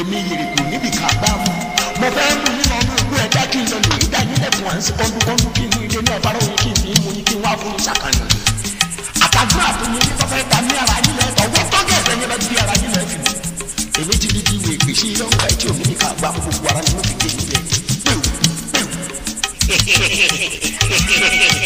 èmi yèrèkù níbi ká bá mu mo fẹ́ mú nínú ọmọ ìlú ẹ̀dá kí n lọ lè dá nílẹ̀ fún àǹsí kọ́ńdúkọ́ńdú kí inú ilé ní ọ̀bá lóyún kí n fi mú yín kí n wá fún un ṣàkànnì àtàgbọ́n àtúnyẹ ní tọ́fẹ́ ta ní ara yín lẹ́tọ̀ ọgbọ́n tó gẹ̀ẹ́sẹ̀ yẹn lọ́ọ́ di ara yín lẹ́tọ̀ èmi ti di diwe gbèsè lọ́wọ́ ẹ̀ tí omi ní ká gbá gbogbo ara ni mo fi gé nílẹ̀